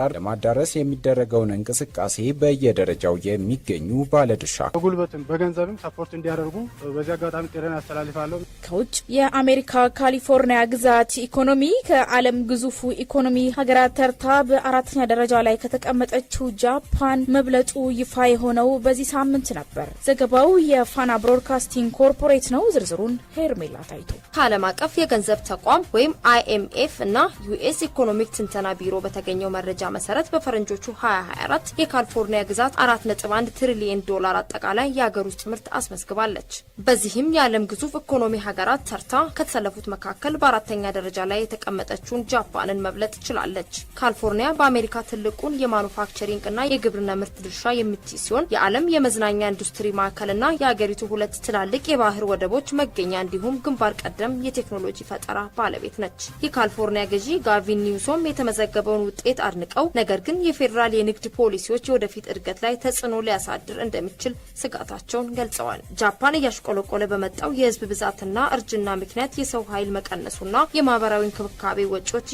ጋር ለማዳረስ የሚደረገውን እንቅስቃሴ በየደረጃው የሚገኙ ባለድርሻ በጉልበትም በገንዘብም ሰፖርት እንዲያደርጉ በዚህ አጋጣሚ ጤረን ያስተላልፋለሁ። ከውጭ የአሜሪካ ካሊፎርኒያ ግዛት ኢኮኖሚ ከዓለም ግዙፉ ኢኮኖሚ ሀገራት ተርታ በአራተኛ ደረጃ ላይ ከተቀመጠችው ጃፓን መብለጡ ይፋ የሆነው በዚህ ሳምንት ነበር። ዘገባው የፋና ብሮድካስቲንግ ኮርፖሬት ነው። ዝርዝሩን ሄርሜላ ታይቶ ከዓለም አቀፍ የገንዘብ ተቋም ወይም አይኤምኤፍ እና ዩኤስ ኢኮኖሚክ ትንተና ቢሮ በተገኘው መረጃ መረጃ መሰረት በፈረንጆቹ 2024 የካሊፎርኒያ ግዛት 4.1 ትሪሊየን ዶላር አጠቃላይ የሀገር ውስጥ ምርት አስመዝግባለች። በዚህም የዓለም ግዙፍ ኢኮኖሚ ሀገራት ተርታ ከተሰለፉት መካከል በአራተኛ ደረጃ ላይ የተቀመጠችውን ጃፓንን መብለጥ ችላለች። ካሊፎርኒያ በአሜሪካ ትልቁን የማኑፋክቸሪንግ እና የግብርና ምርት ድርሻ የምትይዝ ሲሆን የዓለም የመዝናኛ ኢንዱስትሪ ማዕከልና የአገሪቱ ሁለት ትላልቅ የባህር ወደቦች መገኛ እንዲሁም ግንባር ቀደም የቴክኖሎጂ ፈጠራ ባለቤት ነች። የካሊፎርኒያ ገዢ ጋቪን ኒውሶም የተመዘገበውን ውጤት አድንቀ የሚያመጣው ነገር ግን የፌዴራል የንግድ ፖሊሲዎች የወደፊት እድገት ላይ ተጽዕኖ ሊያሳድር እንደሚችል ስጋታቸውን ገልጸዋል። ጃፓን እያሽቆለቆለ በመጣው የህዝብ ብዛትና እርጅና ምክንያት የሰው ኃይል መቀነሱና የማህበራዊ እንክብካቤ ወጪዎች